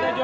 কলেজ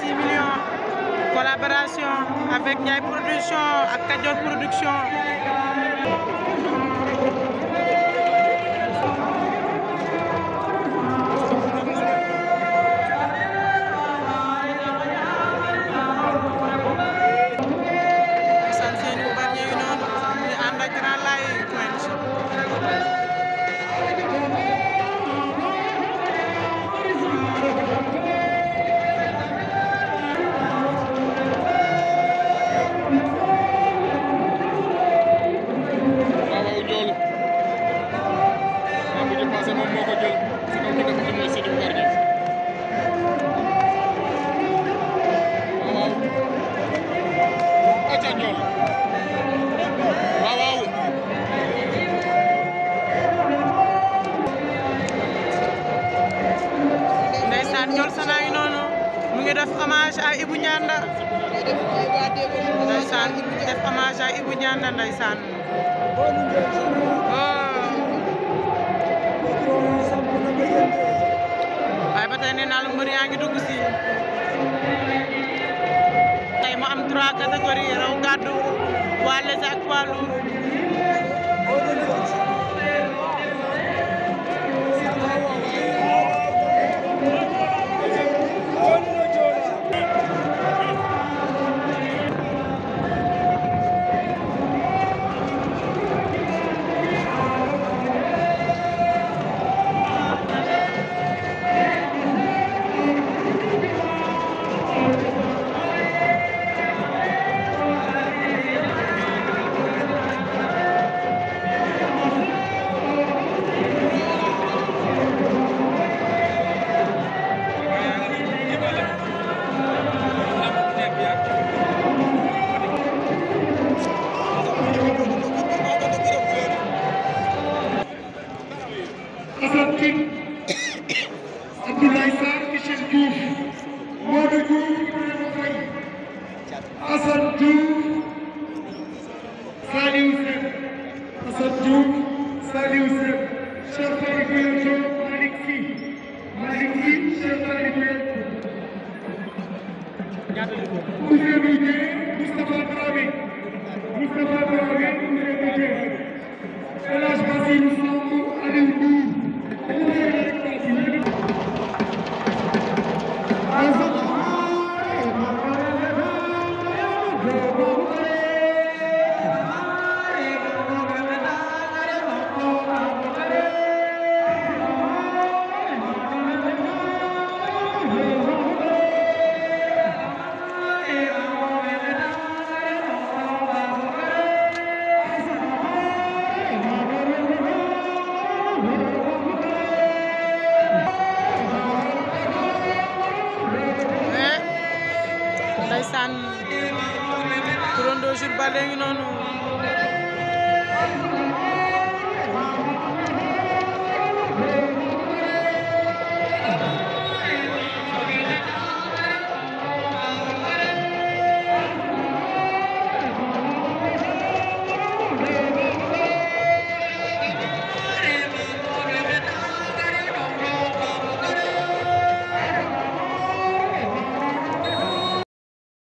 6 millions collaboration avec Niaï Production avec Kadior Production def hommage à ah. ba tey nee naa la mbër yaa ngi dugg si tey mu am trois catégories raw gàddu waa léger ak Assane Tine Abdoulaye Sarr Michel Diouf Modou Diouf Ibrahima Faye Assane Diouf Saliou Seck Assane Diouf Saliou Seck Cheikh Tali Gueye Diop Malick Sy Malick Sy Cheikh Tali Gueye Diop Ousseynou Dieng Moustapha Dramé Moustapha ndeysaan turandoo Jules Baldé ngi noonu